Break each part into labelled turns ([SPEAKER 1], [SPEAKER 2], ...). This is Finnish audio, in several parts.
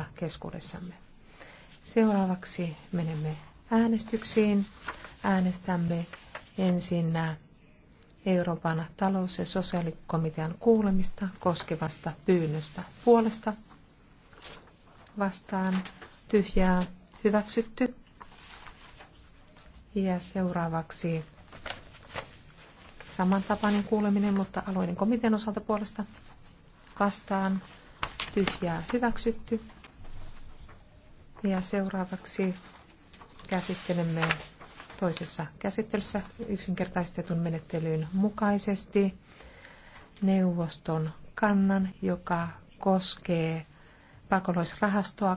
[SPEAKER 1] olla tuota keskuudessamme. Seuraavaksi menemme äänestyksiin. Äänestämme ensin Euroopan talous- ja sosiaalikomitean kuulemista koskevasta pyynnöstä puolesta vastaan tyhjää hyväksytty. Ja seuraavaksi samantapainen kuuleminen, mutta alueiden komitean osalta puolesta vastaan tyhjää hyväksytty. Ja seuraavaksi käsittelemme toisessa käsittelyssä yksinkertaistetun menettelyyn mukaisesti neuvoston kannan, joka koskee pakolaisrahastoa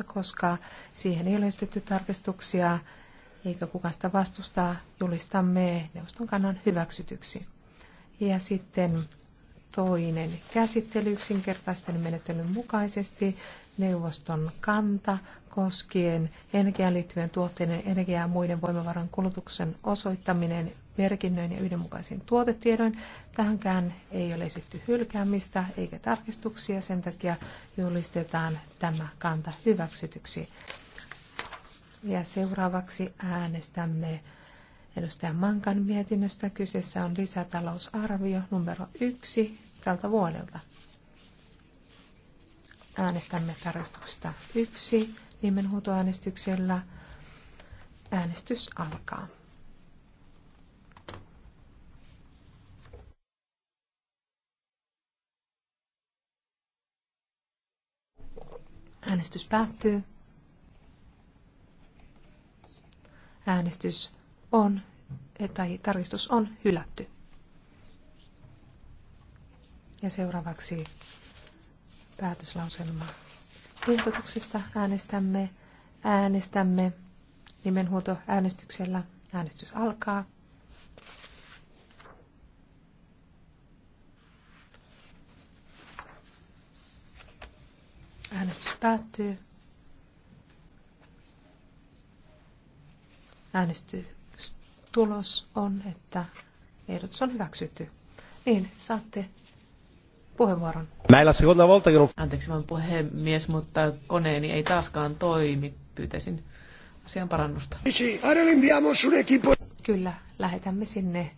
[SPEAKER 1] 2008-2013, koska siihen ei ole esitetty tarkistuksia eikä kukaan sitä vastustaa, julistamme neuvoston kannan hyväksytyksi. Ja sitten toinen käsittely yksinkertaisten menettelyn mukaisesti neuvoston kanta koskien energiaan liittyvien tuotteiden energiaa ja muiden voimavaran kulutuksen osoittaminen merkinnöin ja yhdenmukaisin tuotetiedoin. Tähänkään ei ole esitty hylkäämistä eikä tarkistuksia, sen takia julistetaan tämä kanta hyväksytyksi. Ja seuraavaksi äänestämme edustaja Mankan mietinnöstä. Kyseessä on lisätalousarvio numero yksi tältä vuodelta. Äänestämme tarkistuksesta yksi nimenhuutoäänestyksellä. Äänestys alkaa. Äänestys päättyy. Äänestys on, tai tarkistus on hylätty. Ja seuraavaksi päätöslauselma ehdotuksesta äänestämme. Äänestämme nimenhuuto äänestyksellä. Äänestys alkaa. Äänestys päättyy. Äänestystulos on, että ehdotus on hyväksytty. Niin, saatte puheenvuoron.
[SPEAKER 2] Näillä sekunnan valtakin Anteeksi vaan puhemies, mutta koneeni ei taaskaan toimi. Pyytäisin asian parannusta.
[SPEAKER 1] Kyllä, lähetämme sinne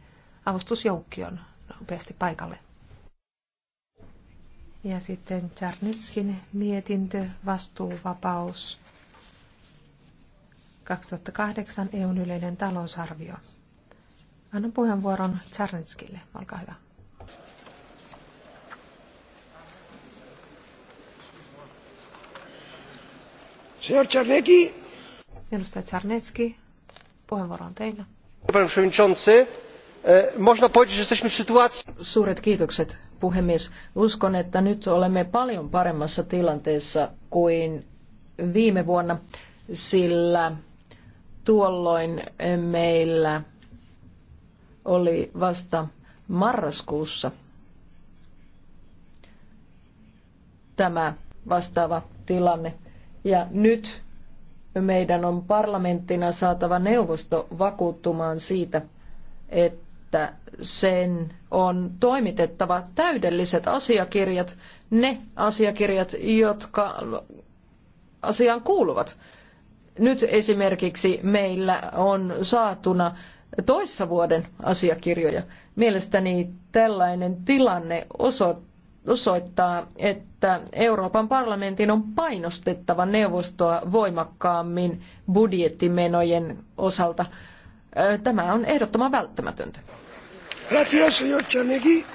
[SPEAKER 1] avustusjoukkion nopeasti paikalle. Ja sitten Czarnitskin mietintö, vastuuvapaus. 2008 EUn yleinen talousarvio. Annan puheenvuoron Czarnitskille. Olkaa hyvä. Señor Czarnecki. Edustaja Czarnecki, puheenvuoro on teillä. Panie przewodniczący, e, można powiedzieć, że jesteśmy
[SPEAKER 3] w sytuacji... Suuret kiitokset, puhemies. Uskon, että nyt olemme paljon paremmassa tilanteessa kuin viime vuonna, sillä tuolloin meillä oli vasta marraskuussa tämä vastaava tilanne. Ja nyt meidän on parlamenttina saatava neuvosto vakuuttumaan siitä, että sen on toimitettava täydelliset asiakirjat, ne asiakirjat, jotka asiaan kuuluvat. Nyt esimerkiksi meillä on saatuna toissa vuoden asiakirjoja. Mielestäni tällainen tilanne osoittaa, osoittaa, että Euroopan parlamentin on painostettava neuvostoa voimakkaammin budjettimenojen osalta. Tämä on ehdottoman välttämätöntä.
[SPEAKER 2] Gracias,
[SPEAKER 1] señor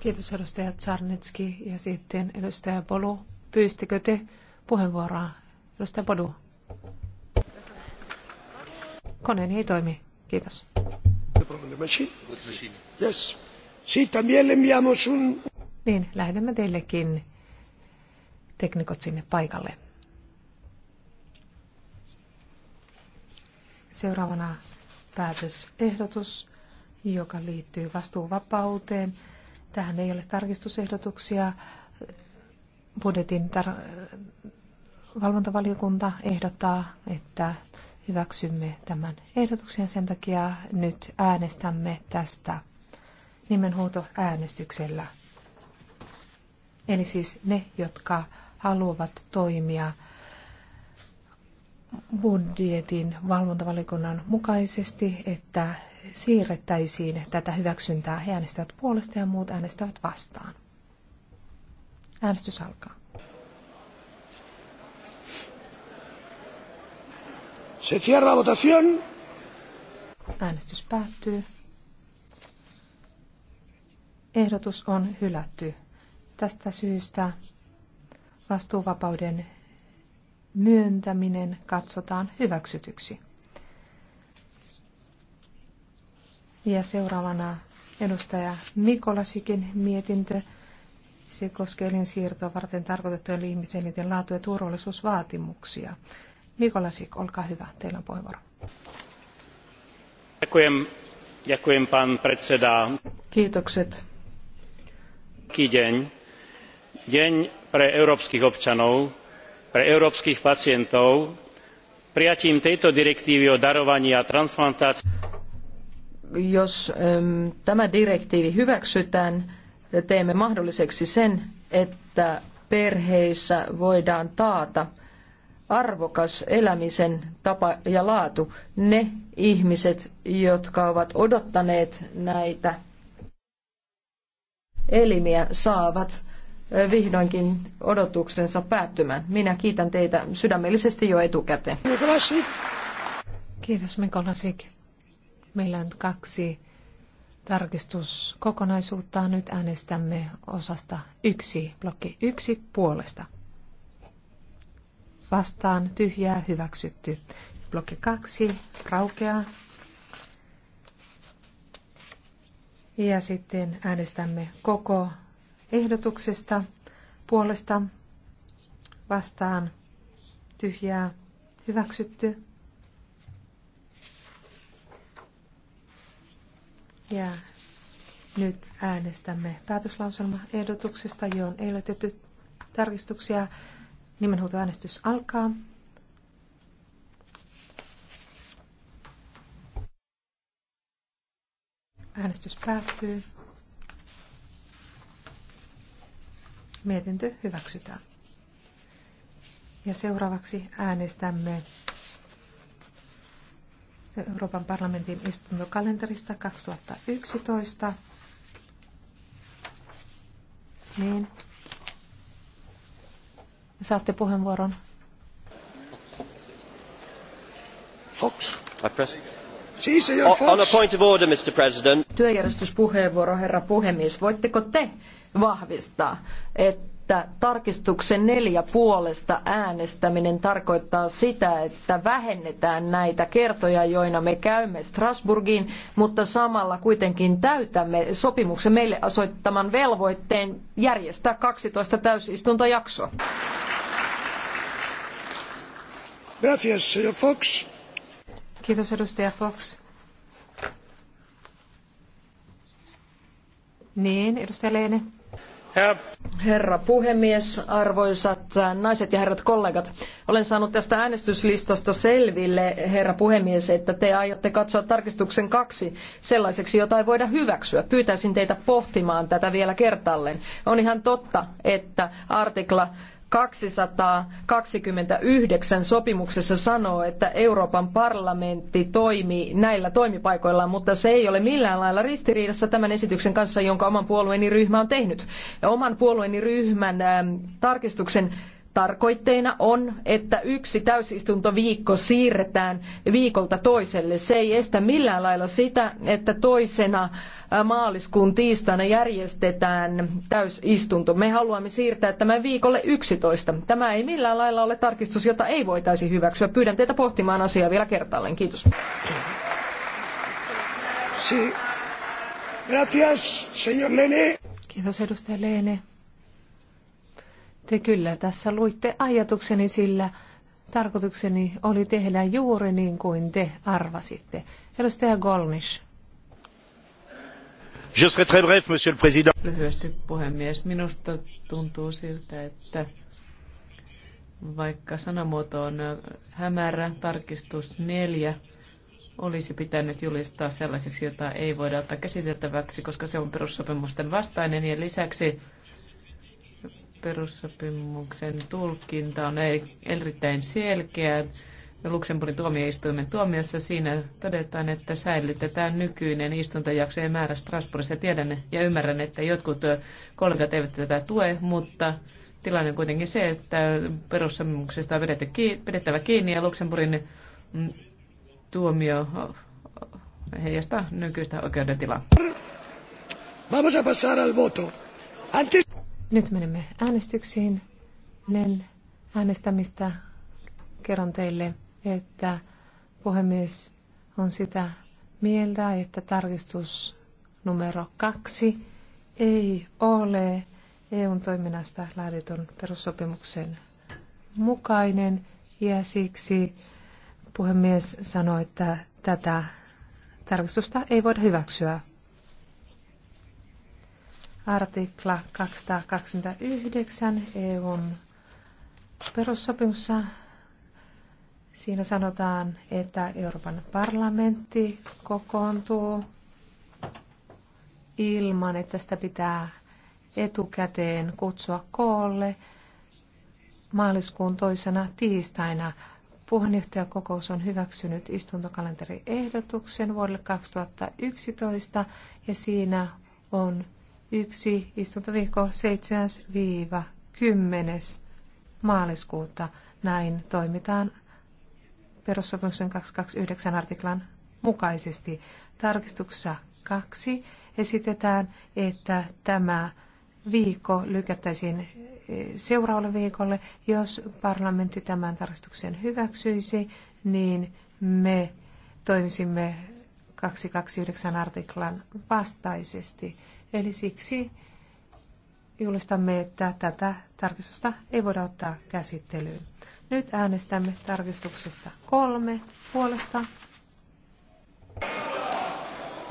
[SPEAKER 1] Kiitos edustaja Czarnecki ja sitten edustaja Polu. Pyystikö te puheenvuoroa? Edustaja Polu. Koneeni ei toimi. Kiitos. Yes. Sí, también le enviamos un niin lähetämme teillekin teknikot sinne paikalle. Seuraavana päätösehdotus, joka liittyy vastuuvapauteen. Tähän ei ole tarkistusehdotuksia. Budjetin tar- valvontavaliokunta ehdottaa, että hyväksymme tämän ehdotuksen. Sen takia nyt äänestämme tästä nimenhuutoäänestyksellä. äänestyksellä. Eli siis ne, jotka haluavat toimia budjetin valvontavalikunnan mukaisesti, että siirrettäisiin tätä hyväksyntää. He äänestävät puolesta ja muut äänestävät vastaan. Äänestys alkaa.
[SPEAKER 2] Se cierra votación.
[SPEAKER 1] Äänestys päättyy. Ehdotus on hylätty. Tästä syystä vastuuvapauden myöntäminen katsotaan hyväksytyksi. Ja seuraavana edustaja Mikolasikin mietintö. Se koskee elinsiirtoa varten tarkoitettujen ihmiselinten laatu- ja turvallisuusvaatimuksia. Mikolasik, olkaa hyvä, teillä on puheenvuoro. Kiitokset. Kiitokset.
[SPEAKER 3] Kiitokset deň pre európskych občanov pre európskych pacientov prijatím tejto direktiivy o darovaní ja transplantácii jos äm, tämä direktiivi hyväksytään, teemme mahdolliseksi sen, että perheissä voidaan taata arvokas elämisen tapa ja laatu. Ne ihmiset, jotka ovat odottaneet näitä elimiä, saavat vihdoinkin odotuksensa päättymään. Minä kiitän teitä sydämellisesti jo etukäteen.
[SPEAKER 1] Kiitos Mikolasik. Meillä on kaksi tarkistuskokonaisuutta. Nyt äänestämme osasta yksi, blokki yksi puolesta. Vastaan tyhjää hyväksytty. Blokki kaksi raukeaa. Ja sitten äänestämme koko ehdotuksesta puolesta vastaan tyhjää hyväksytty. Ja nyt äänestämme päätöslauselmaehdotuksesta, johon ei ole tehty tarkistuksia. Nimenhuutoäänestys alkaa. Äänestys päättyy. Mietintö hyväksytään. Ja seuraavaksi äänestämme Euroopan parlamentin istuntokalenterista 2011. Niin. Saatte puheenvuoron. Fox. I press. Siis on a point of order, Mr. President.
[SPEAKER 3] Työjärjestyspuheenvuoro, herra puhemies. Voitteko te vahvistaa, että tarkistuksen neljä puolesta äänestäminen tarkoittaa sitä, että vähennetään näitä kertoja, joina me käymme Strasburgiin, mutta samalla kuitenkin täytämme sopimuksen meille asoittaman velvoitteen järjestää 12 täysistuntojaksoa.
[SPEAKER 1] Gracias, Fox. Kiitos, edustaja Fox.
[SPEAKER 3] Niin, edustaja Leene. Herra puhemies, arvoisat naiset ja herrat kollegat, olen saanut tästä äänestyslistasta selville, herra puhemies, että te aiotte katsoa tarkistuksen kaksi sellaiseksi, jota ei voida hyväksyä. Pyytäisin teitä pohtimaan tätä vielä kertaalleen. On ihan totta, että artikla 229 sopimuksessa sanoo, että Euroopan parlamentti toimii näillä toimipaikoilla, mutta se ei ole millään lailla ristiriidassa tämän esityksen kanssa, jonka oman puolueeni ryhmä on tehnyt. Ja oman puolueeni ryhmän ähm, tarkistuksen tarkoitteena on, että yksi täysistuntoviikko siirretään viikolta toiselle. Se ei estä millään lailla sitä, että toisena maaliskuun tiistaina järjestetään täysistunto. Me haluamme siirtää tämän viikolle 11. Tämä ei millään lailla ole tarkistus, jota ei voitaisi hyväksyä. Pyydän teitä pohtimaan asiaa vielä kertaalleen.
[SPEAKER 1] Kiitos. Gracias, señor Lene. Kiitos edustaja Lene. Te kyllä tässä luitte ajatukseni, sillä tarkoitukseni oli tehdä juuri niin kuin te arvasitte. Edustaja Golnish. Je serai très bref, monsieur le président. Lyhyesti puhemies, minusta tuntuu siltä, että
[SPEAKER 2] vaikka sanamuoto on hämärä, tarkistus neljä olisi pitänyt julistaa sellaiseksi, jota ei voida ottaa käsiteltäväksi, koska se on perussopimusten vastainen ja lisäksi perussopimuksen tulkinta on e- erittäin selkeä. Luxemburgin tuomioistuimen tuomiossa. Siinä todetaan, että säilytetään nykyinen istuntajaksojen määrä Strasbourgissa. Tiedän ja ymmärrän, että jotkut kollegat eivät tätä tue, mutta tilanne on kuitenkin se, että perussopimuksesta on kiinni, pidettävä kiinni ja Luxemburgin mm, tuomio eh, heijastaa nykyistä oikeudentilaa.
[SPEAKER 1] Vamos a pasar al voto. Antes... Nyt menemme äänestyksiin. Len äänestämistä kerron teille että puhemies on sitä mieltä, että tarkistus numero kaksi ei ole EUn toiminnasta laaditun perussopimuksen mukainen ja siksi puhemies sanoi, että tätä tarkistusta ei voida hyväksyä. Artikla 229 EUn perussopimuksessa Siinä sanotaan, että Euroopan parlamentti kokoontuu ilman, että sitä pitää etukäteen kutsua koolle maaliskuun toisena tiistaina. Puheenjohtajakokous on hyväksynyt istuntokalenteriehdotuksen vuodelle 2011 ja siinä on yksi istuntoviikko 7-10. maaliskuuta. Näin toimitaan perussopimuksen 229 artiklan mukaisesti. Tarkistuksessa kaksi esitetään, että tämä viikko lykättäisiin eh, seuraavalle viikolle. Jos parlamentti tämän tarkistuksen hyväksyisi, niin me toimisimme 229 artiklan vastaisesti. Eli siksi julistamme, että tätä tarkistusta ei voida ottaa käsittelyyn. Nyt äänestämme tarkistuksesta kolme puolesta.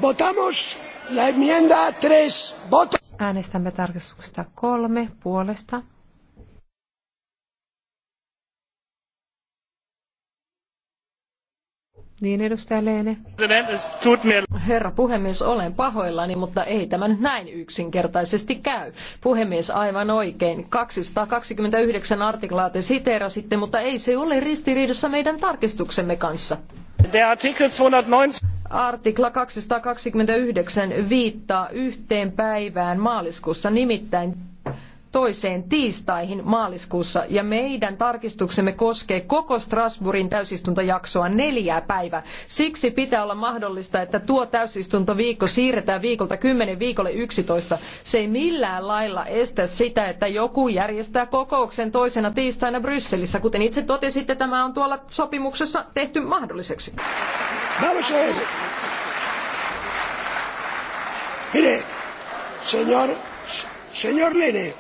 [SPEAKER 1] Votamos la enmienda tres. Voto. Äänestämme tarkistuksesta kolme puolesta.
[SPEAKER 3] Niin, edustaja Leene. Herra puhemies, olen pahoillani, mutta ei tämä nyt näin yksinkertaisesti käy. Puhemies, aivan oikein. 229 artiklaa te siteerasitte, mutta ei se ole ristiriidassa meidän tarkistuksemme kanssa. Artikla 229 viittaa yhteen päivään maaliskuussa, nimittäin toiseen tiistaihin maaliskuussa ja meidän tarkistuksemme koskee koko Strasbourgin täysistuntojaksoa neljää päivää. Siksi pitää olla mahdollista, että tuo täysistuntoviikko siirretään viikolta 10 viikolle 11. Se ei millään lailla estä sitä, että joku järjestää kokouksen toisena tiistaina Brysselissä. Kuten itse totesitte, tämä on tuolla sopimuksessa tehty mahdolliseksi.
[SPEAKER 1] señor, señor Lene.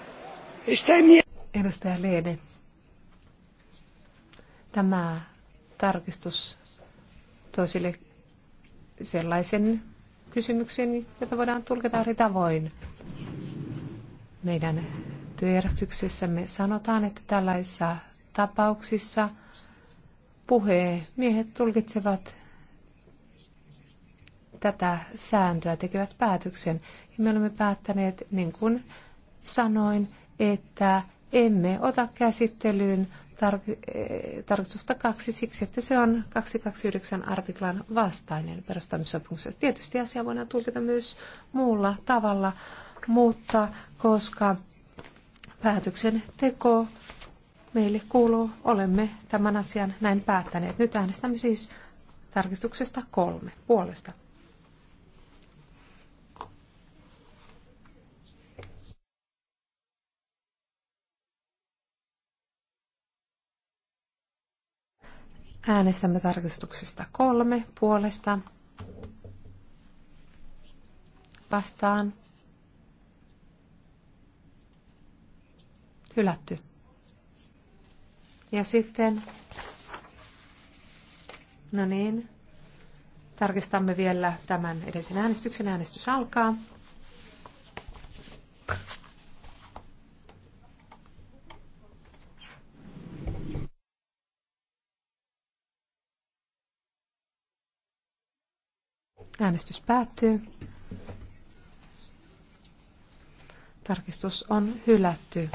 [SPEAKER 1] Edustaja Leene, tämä tarkistus toisille sellaisen kysymyksen, jota voidaan tulkita eri tavoin. Meidän työjärjestyksessämme sanotaan, että tällaisissa tapauksissa puheen miehet tulkitsevat tätä sääntöä, tekevät päätöksen. me olemme päättäneet, niin kuin sanoin, että emme ota käsittelyyn tar- eh, tarkistusta kaksi siksi, että se on 229 artiklan vastainen perustamissopimuksessa. Tietysti asia voidaan tulkita myös muulla tavalla, mutta koska päätöksen teko meille kuuluu, olemme tämän asian näin päättäneet. Nyt äänestämme siis tarkistuksesta kolme puolesta Äänestämme tarkistuksesta kolme puolesta. Vastaan. Hylätty. Ja sitten, no niin, tarkistamme vielä tämän edellisen äänestyksen. Äänestys alkaa. Äänestys päättyy. Tarkistus on hylätty.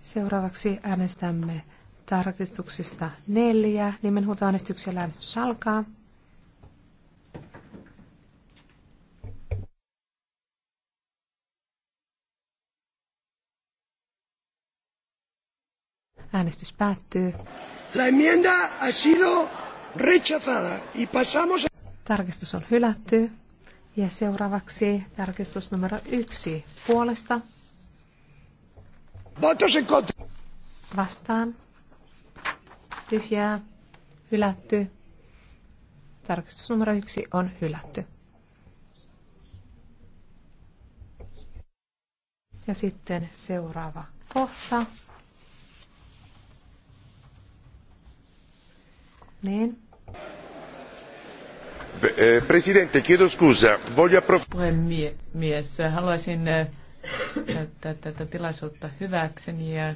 [SPEAKER 1] Seuraavaksi äänestämme tarkistuksista neljä. Nimenhuutoäänestyksellä äänestys alkaa. Äänestys päättyy. La enmienda ha sido rechazada y pasamos Tarkistus on hylätty. Ja seuraavaksi tarkistus numero yksi puolesta. Vastaan. Tyhjää. Hylätty. Tarkistus numero yksi on hylätty. Ja sitten seuraava kohta. Niin.
[SPEAKER 2] Eh, Presidente, Puhemies, haluaisin käyttää eh, tätä tilaisuutta hyväkseni ja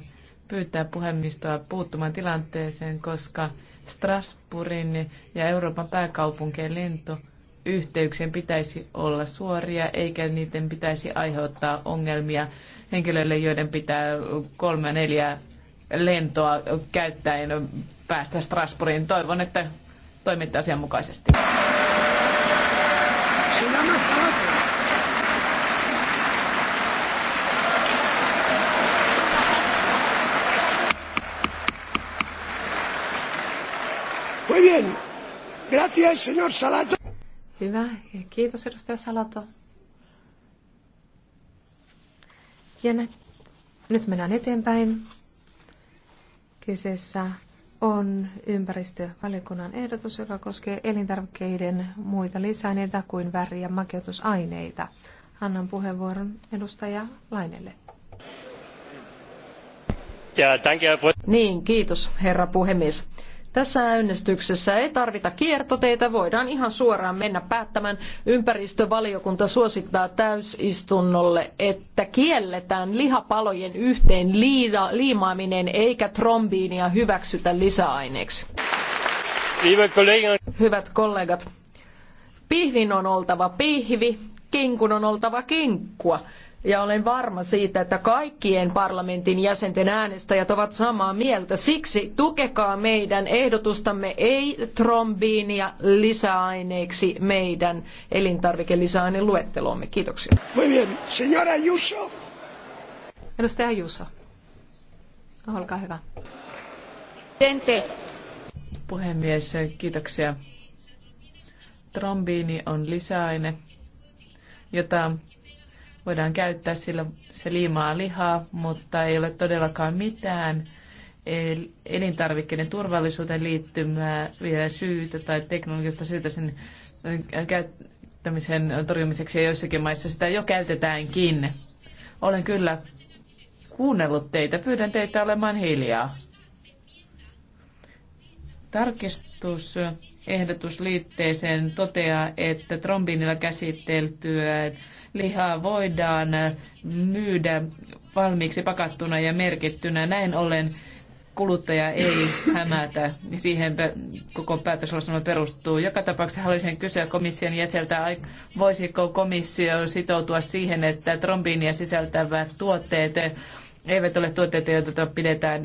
[SPEAKER 2] pyytää puhemistoa puuttumaan tilanteeseen, koska Strasbourgin ja Euroopan pääkaupunkien lentoyhteyksien pitäisi olla suoria, eikä niiden pitäisi aiheuttaa ongelmia henkilöille, joiden pitää kolme neljä lentoa käyttäen päästä Strasbourgiin. Toivon, että toimitte asianmukaisesti se llama sabato.
[SPEAKER 1] Muy bien. Gracias, señor Salato. Hyvä. Ja kiitos, edustaja Salato. Ja nyt mennään eteenpäin. Kyseessä on ympäristövaliokunnan ehdotus, joka koskee elintarvikkeiden muita lisäaineita kuin väri- ja makeutusaineita. Annan puheenvuoron edustaja Lainelle.
[SPEAKER 3] Ja, niin, kiitos herra puhemies. Tässä äänestyksessä ei tarvita kiertoteitä, voidaan ihan suoraan mennä päättämään. Ympäristövaliokunta suosittaa täysistunnolle, että kielletään lihapalojen yhteen liimaaminen eikä trombiinia hyväksytä lisäaineeksi. Hyvät kollegat, pihvin on oltava pihvi, kinkun on oltava kinkkua ja olen varma siitä, että kaikkien parlamentin jäsenten äänestäjät ovat samaa mieltä. Siksi tukekaa meidän ehdotustamme ei trombiinia lisäaineeksi meidän elintarvikelisäaineluetteloomme. Kiitoksia.
[SPEAKER 1] Muy bien. Señora Ayuso.
[SPEAKER 2] Edustaja Ayuso. Olkaa hyvä. Tente. Puhemies, kiitoksia. Trombiini on lisäaine, jota voidaan käyttää, sillä se liimaa lihaa, mutta ei ole todellakaan mitään elintarvikkeiden turvallisuuteen liittymää vielä syytä tai teknologista syytä sen äh, käyttämisen torjumiseksi ja joissakin maissa sitä jo käytetäänkin. Olen kyllä kuunnellut teitä. Pyydän teitä olemaan hiljaa. Tarkistusehdotus liitteeseen toteaa, että trombiinilla käsiteltyä lihaa voidaan myydä valmiiksi pakattuna ja merkittynä. Näin ollen kuluttaja ei hämätä. Siihen koko päätöslausuma perustuu. Joka tapauksessa haluaisin kysyä komission jäseltä, voisiko komissio sitoutua siihen, että trombiinia sisältävät tuotteet eivät ole tuotteita, joita pidetään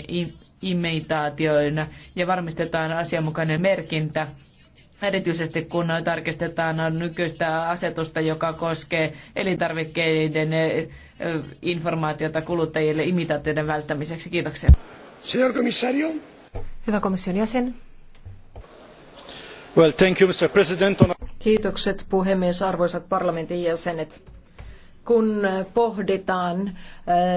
[SPEAKER 2] imitaatioina ja varmistetaan asianmukainen merkintä erityisesti kun tarkistetaan nykyistä asetusta, joka koskee elintarvikkeiden eh, eh, informaatiota kuluttajille imitaatioiden välttämiseksi. Kiitoksia. Señor komissario. Hyvä komission jäsen. Well, thank you, Mr. President.
[SPEAKER 3] Kiitokset puhemies, arvoisat parlamentin jäsenet kun pohditaan eh,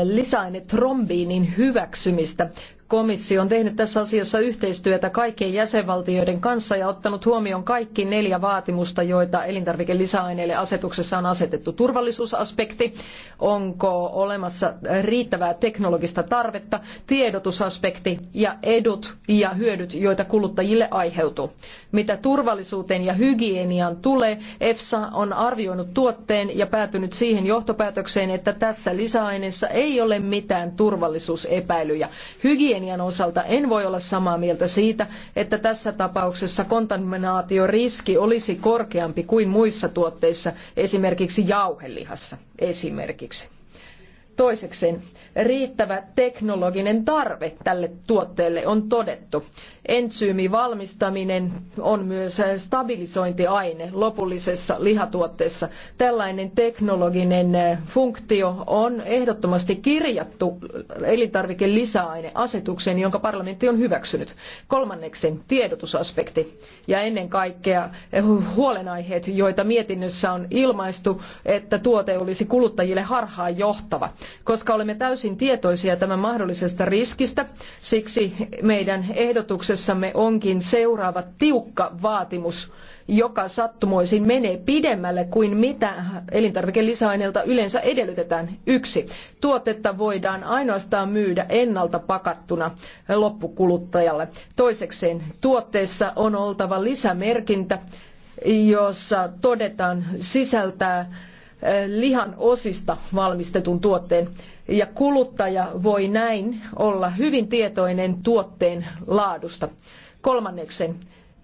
[SPEAKER 3] lisäaine trombiinin hyväksymistä komissio on tehnyt tässä asiassa yhteistyötä kaikkien jäsenvaltioiden kanssa ja ottanut huomioon kaikki neljä vaatimusta, joita elintarvikelisäaineille asetuksessa on asetettu. Turvallisuusaspekti, onko olemassa riittävää teknologista tarvetta, tiedotusaspekti ja edut ja hyödyt, joita kuluttajille aiheutuu. Mitä turvallisuuteen ja hygieniaan tulee, EFSA on arvioinut tuotteen ja päätynyt siihen johtopäätökseen, että tässä lisäaineessa ei ole mitään turvallisuusepäilyjä. Hygienia Slovenian osalta en voi olla samaa mieltä siitä, että tässä tapauksessa kontaminaatioriski olisi korkeampi kuin muissa tuotteissa, esimerkiksi jauhelihassa esimerkiksi. Toiseksi riittävä teknologinen tarve tälle tuotteelle on todettu. Entsyymivalmistaminen on myös stabilisointiaine lopullisessa lihatuotteessa. Tällainen teknologinen eh, funktio on ehdottomasti kirjattu elintarvikelisäaineasetukseen, jonka parlamentti on hyväksynyt. Kolmanneksi tiedotusaspekti ja ennen kaikkea huolenaiheet, joita mietinnössä on ilmaistu, että tuote olisi kuluttajille harhaan johtava. Koska olemme täysin tietoisia tämän mahdollisesta riskistä, siksi meidän ehdotuksessamme onkin seuraava tiukka vaatimus, joka sattumoisin menee pidemmälle kuin mitä elintarvikelisäaineilta yleensä edellytetään. Yksi. Tuotetta voidaan ainoastaan myydä ennalta pakattuna loppukuluttajalle. Toisekseen tuotteessa on oltava lisämerkintä, jossa todetaan sisältää lihan osista valmistetun tuotteen. Ja kuluttaja voi näin olla hyvin tietoinen tuotteen laadusta. Kolmanneksi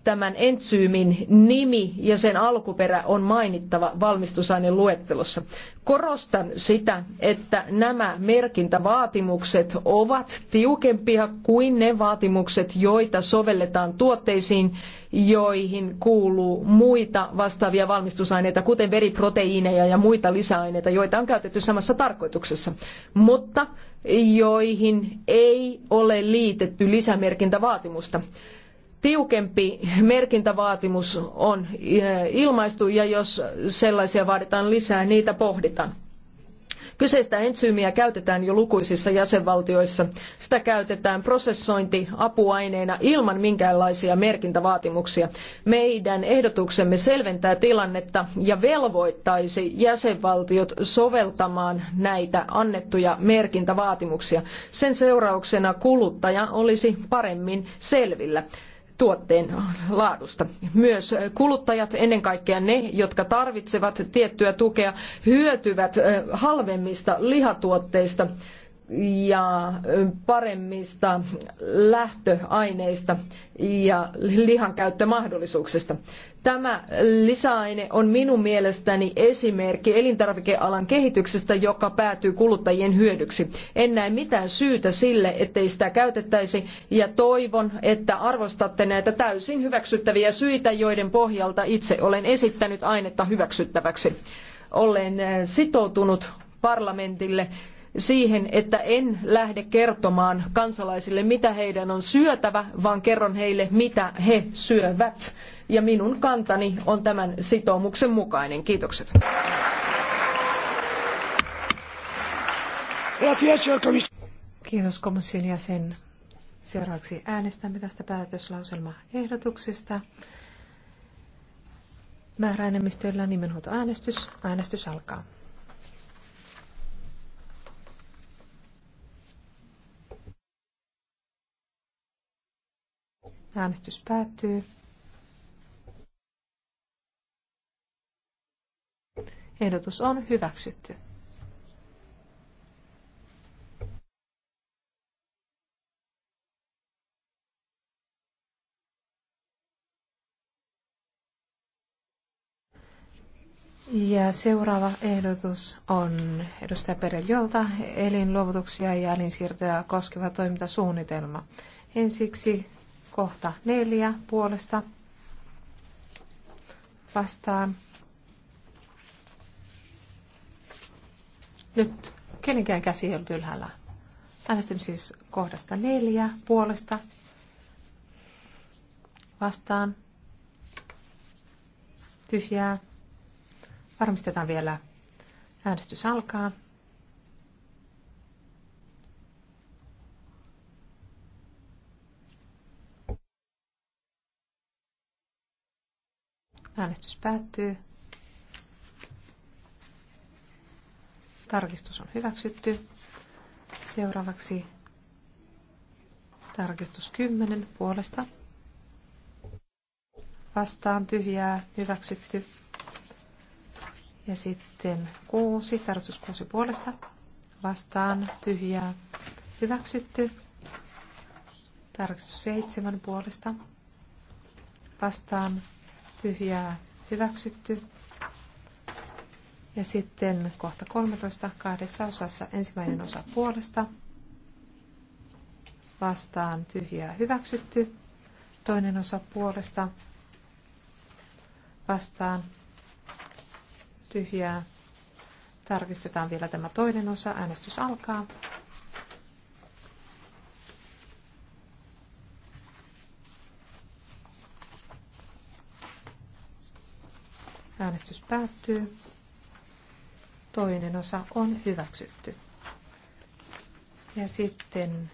[SPEAKER 3] tämän entsyymin nimi ja sen alkuperä on mainittava valmistusaineen luettelossa. Korostan sitä, että nämä merkintävaatimukset ovat tiukempia kuin ne vaatimukset, joita sovelletaan tuotteisiin, joihin kuuluu muita vastaavia valmistusaineita, kuten veriproteiineja ja muita lisäaineita, joita on käytetty samassa tarkoituksessa. Mutta joihin ei ole liitetty lisämerkintävaatimusta tiukempi merkintävaatimus on eh, ilmaistu ja jos sellaisia vaaditaan lisää, niitä pohditaan. Kyseistä entsyymiä käytetään jo lukuisissa jäsenvaltioissa. Sitä käytetään prosessointiapuaineena ilman minkäänlaisia merkintävaatimuksia. Meidän ehdotuksemme selventää tilannetta ja velvoittaisi jäsenvaltiot soveltamaan näitä annettuja merkintävaatimuksia. Sen seurauksena kuluttaja olisi paremmin selvillä tuotteen laadusta. Myös kuluttajat, ennen kaikkea ne, jotka tarvitsevat tiettyä tukea, hyötyvät halvemmista lihatuotteista ja paremmista lähtöaineista ja lihankäyttömahdollisuuksista. Tämä lisäaine on minun mielestäni esimerkki elintarvikealan kehityksestä, joka päätyy kuluttajien hyödyksi. En näe mitään syytä sille, ettei sitä käytettäisi ja toivon, että arvostatte näitä täysin hyväksyttäviä syitä, joiden pohjalta itse olen esittänyt ainetta hyväksyttäväksi. Olen sitoutunut parlamentille siihen, että en lähde kertomaan kansalaisille, mitä heidän on syötävä, vaan kerron heille, mitä he syövät. Ja minun kantani on tämän sitoumuksen mukainen. Kiitokset.
[SPEAKER 1] Kiitos komission jäsen. Seuraavaksi äänestämme tästä päätöslauselmaehdotuksesta. Määräenemmistöllä nimenhuuto äänestys. Äänestys alkaa. Äänestys päättyy. Ehdotus on hyväksytty. Ja seuraava ehdotus on edustaja Pereljolta elinluovutuksia ja elinsiirtoja koskeva toimintasuunnitelma. Ensiksi Kohta neljä puolesta vastaan. Nyt kenenkään käsi ei ollut ylhäällä. Äänestin siis kohdasta neljä puolesta vastaan. Tyhjää. Varmistetaan vielä. Äänestys alkaa. Äänestys päättyy. Tarkistus on hyväksytty. Seuraavaksi tarkistus 10 puolesta. Vastaan tyhjää, hyväksytty. Ja sitten 6, tarkistus 6 puolesta. Vastaan tyhjää, hyväksytty. Tarkistus 7 puolesta. Vastaan tyhjää hyväksytty. Ja sitten kohta 13 kahdessa osassa ensimmäinen osa puolesta vastaan tyhjää hyväksytty. Toinen osa puolesta vastaan tyhjää. Tarkistetaan vielä tämä toinen osa. Äänestys alkaa. Äänestys päättyy. Toinen osa on hyväksytty. Ja sitten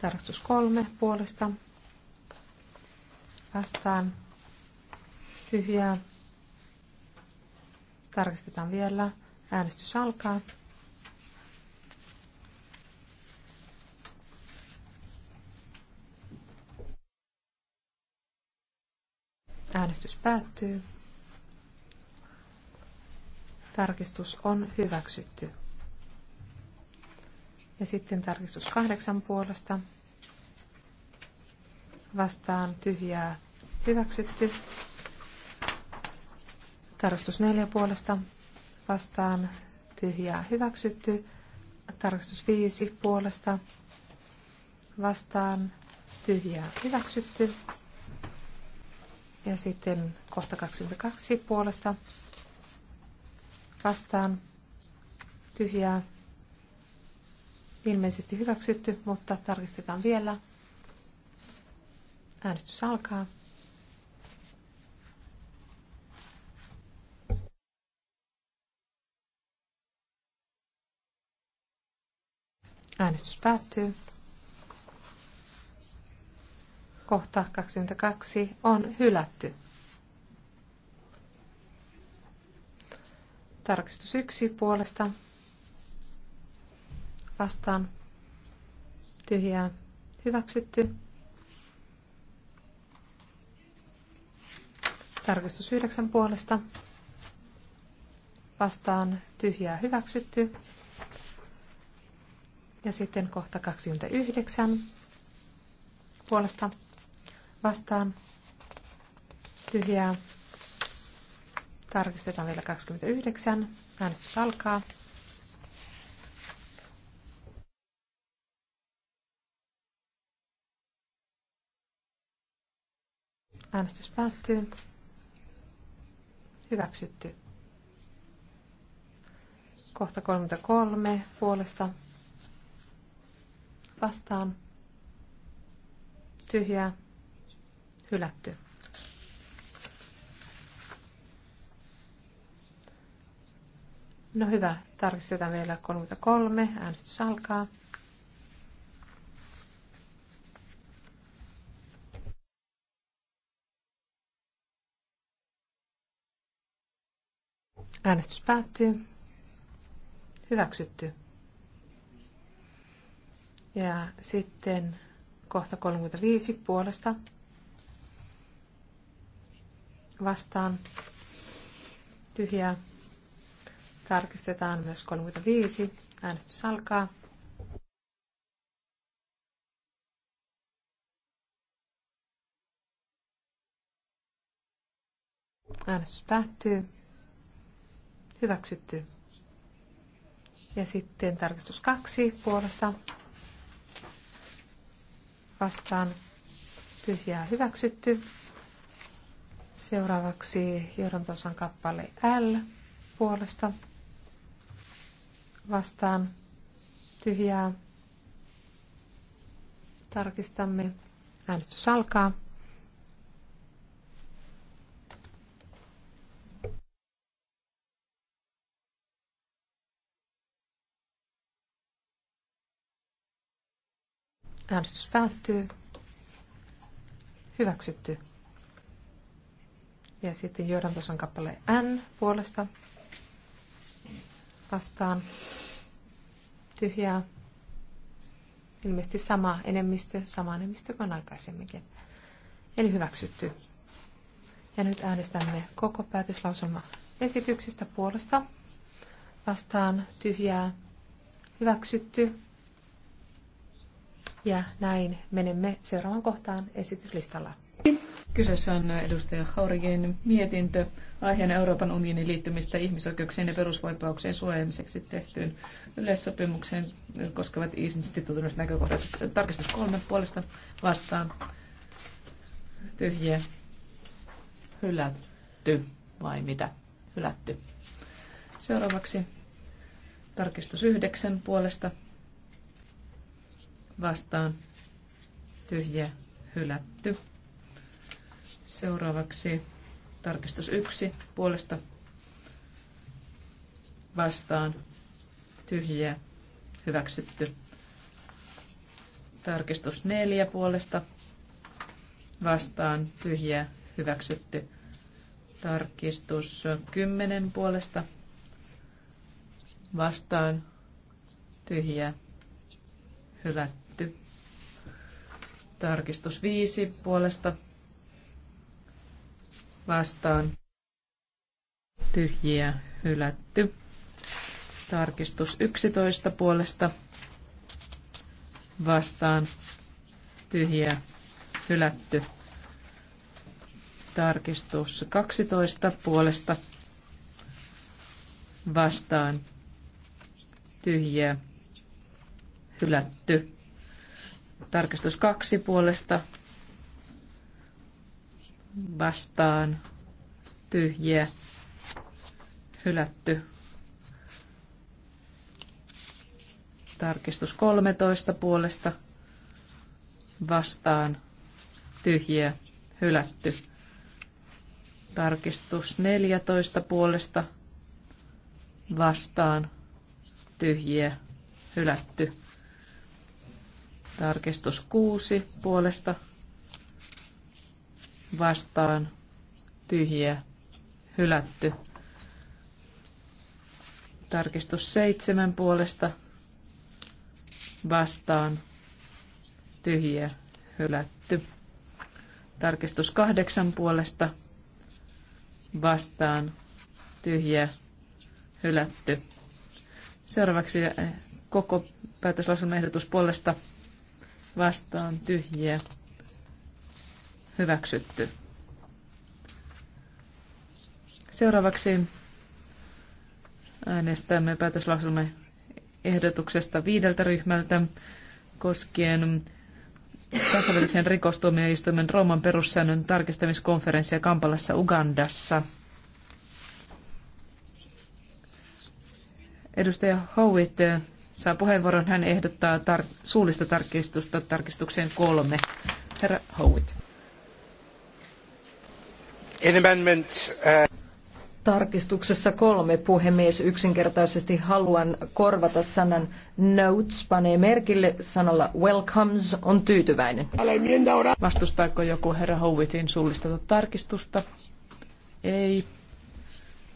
[SPEAKER 1] tarkastus kolme puolesta vastaan tyhjää. Tarkistetaan vielä. Äänestys alkaa. Äänestys päättyy. Tarkistus on hyväksytty. Ja sitten tarkistus kahdeksan puolesta. Vastaan tyhjää hyväksytty. Tarkistus neljä puolesta. Vastaan tyhjää hyväksytty. Tarkistus viisi puolesta. Vastaan tyhjää hyväksytty. Ja sitten kohta 22 puolesta vastaan tyhjää ilmeisesti hyväksytty, mutta tarkistetaan vielä. Äänestys alkaa. Äänestys päättyy. Kohta 22 on hylätty. Tarkistus yksi puolesta vastaan tyhjää hyväksytty. Tarkistus yhdeksän puolesta vastaan tyhjää hyväksytty. Ja sitten kohta 29 puolesta vastaan tyhjää Tarkistetaan vielä 29. Äänestys alkaa. Äänestys päättyy. Hyväksytty. Kohta 33 puolesta vastaan. Tyhjää. Hylätty. No hyvä, tarkistetaan vielä 33, äänestys alkaa. Äänestys päättyy. Hyväksytty. Ja sitten kohta 35 puolesta vastaan tyhjää Tarkistetaan myös 35. Äänestys alkaa. Äänestys päättyy. Hyväksytty. Ja sitten tarkistus kaksi puolesta. Vastaan tyhjää hyväksytty. Seuraavaksi johdantosan kappale L puolesta vastaan tyhjää. Tarkistamme. Äänestys alkaa. Äänestys päättyy. Hyväksytty. Ja sitten johdantosan kappale N puolesta vastaan tyhjää. Ilmeisesti sama enemmistö, sama enemmistö kuin aikaisemminkin. Eli hyväksytty. Ja nyt äänestämme koko päätöslausuma esityksestä puolesta vastaan tyhjää hyväksytty. Ja näin menemme seuraavan kohtaan esityslistalla.
[SPEAKER 2] Kyseessä on edustaja Haurigen mietintö aiheen Euroopan unionin liittymistä ihmisoikeuksien ja perusvoipauksien suojelemiseksi tehtyyn yleissopimukseen koskevat instituutioiden näkökohdat. Tarkistus kolme puolesta vastaan. tyhjä Hylätty vai mitä? Hylätty. Seuraavaksi tarkistus yhdeksän puolesta vastaan. tyhjä Hylätty. Seuraavaksi tarkistus yksi puolesta vastaan tyhjiä hyväksytty. Tarkistus neljä puolesta vastaan tyhjiä hyväksytty. Tarkistus kymmenen puolesta vastaan tyhjiä hylätty. Tarkistus viisi puolesta vastaan tyhjiä hylätty. Tarkistus 11 puolesta vastaan tyhjiä hylätty. Tarkistus 12 puolesta vastaan tyhjiä hylätty. Tarkistus 2 puolesta vastaan tyhjiä hylätty. Tarkistus 13 puolesta vastaan tyhjiä hylätty. Tarkistus 14 puolesta vastaan tyhjiä hylätty. Tarkistus 6 puolesta vastaan vastaan tyhjiä hylätty. Tarkistus seitsemän puolesta vastaan tyhjiä hylätty. Tarkistus kahdeksan puolesta vastaan tyhjiä hylätty. Seuraavaksi eh, koko päätöslauselmaehdotus puolesta vastaan tyhjiä hyväksytty. Seuraavaksi äänestämme päätöslauselman ehdotuksesta viideltä ryhmältä koskien kansainvälisen rikostuomioistuimen Rooman perussäännön tarkistamiskonferenssia Kampalassa Ugandassa. Edustaja Howitt saa puheenvuoron. Hän ehdottaa tar- suullista tarkistusta tarkistukseen kolme. Herra Howitt.
[SPEAKER 1] Uh,
[SPEAKER 3] Tarkistuksessa kolme puhemies yksinkertaisesti haluan korvata sanan notes, panee merkille sanalla welcomes, on tyytyväinen.
[SPEAKER 2] Vastustaako joku herra Howitin suullista tarkistusta? Ei.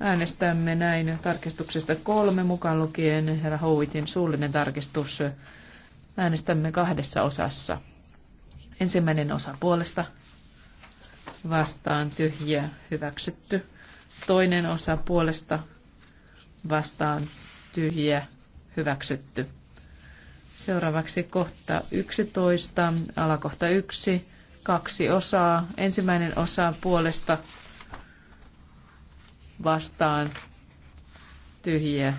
[SPEAKER 2] Äänestämme näin tarkistuksesta kolme mukaan lukien herra Howitin suullinen tarkistus. Äänestämme kahdessa osassa. Ensimmäinen osa puolesta vastaan tyhjiä hyväksytty. Toinen osa puolesta vastaan tyhjiä hyväksytty. Seuraavaksi kohta 11, alakohta 1, kaksi osaa. Ensimmäinen osa puolesta vastaan tyhjiä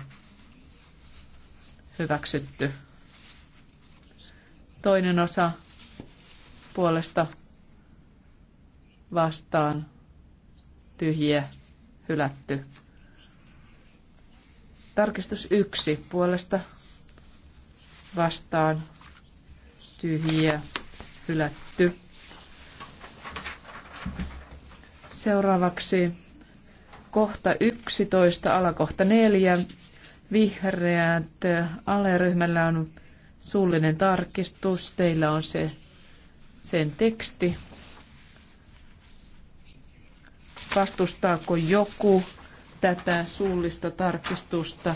[SPEAKER 2] hyväksytty. Toinen osa puolesta vastaan tyhjiä hylätty. Tarkistus yksi puolesta vastaan tyhjiä hylätty. Seuraavaksi kohta 11, alakohta 4. Vihreät aleryhmällä on suullinen tarkistus. Teillä on se, sen teksti. Vastustaako joku tätä suullista tarkistusta?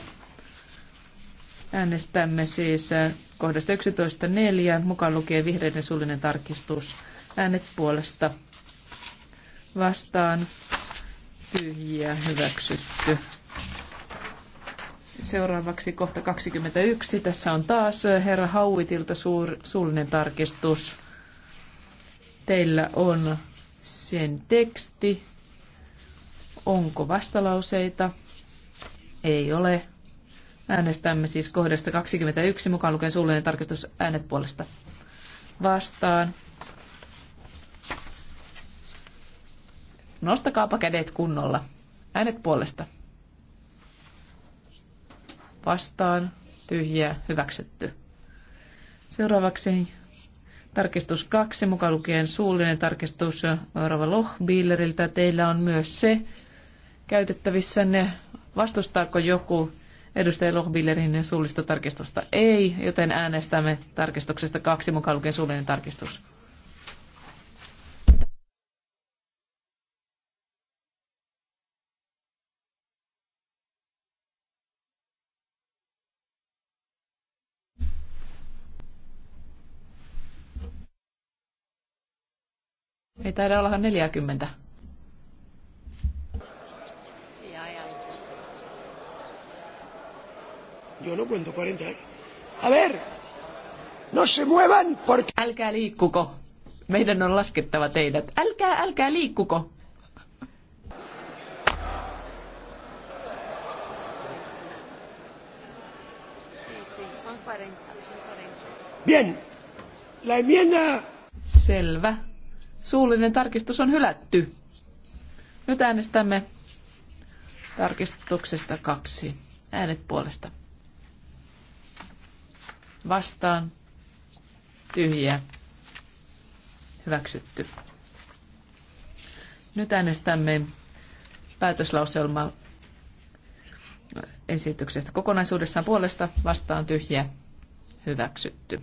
[SPEAKER 2] Äänestämme siis kohdasta 11.4, mukaan lukee vihreiden suullinen tarkistus. Äänet puolesta vastaan tyhjiä hyväksytty. Seuraavaksi kohta 21. Tässä on taas herra Hauitilta suur, suullinen tarkistus. Teillä on sen teksti Onko vastalauseita? Ei ole. Äänestämme siis kohdasta 21 mukaan lukien suullinen tarkistus äänet puolesta vastaan. Nostakaapa kädet kunnolla. Äänet puolesta. Vastaan. Tyhjä. Hyväksytty. Seuraavaksi tarkistus kaksi, mukaan lukien suullinen tarkistus Rova Lohbilleriltä. Teillä on myös se käytettävissänne. Vastustaako joku edustaja Lohbillerin suullista tarkistusta? Ei, joten äänestämme tarkistuksesta kaksi mukaan lukien suullinen tarkistus. Ei taida olla 40. Yo no cuento 40. ¿eh? A ver, no se muevan porque... Älkää liikkuko. Meidän on laskettava teidät. Älkää, älkää liikkuko.
[SPEAKER 1] Bien. La enmienda...
[SPEAKER 2] Selvä. Suullinen tarkistus on hylätty. Nyt äänestämme tarkistuksesta kaksi. Äänet puolesta vastaan tyhjä hyväksytty. Nyt äänestämme päätöslauselma esityksestä kokonaisuudessaan puolesta vastaan tyhjä hyväksytty.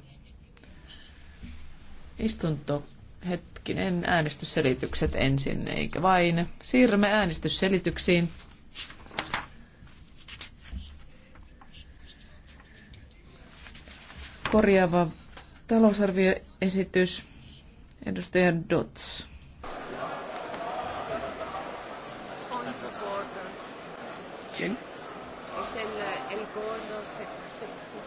[SPEAKER 2] Istunto hetkinen äänestysselitykset ensin, eikä vain. Siirrymme äänestysselityksiin. korjaava talousarvioesitys. Edustaja Dots. Quién?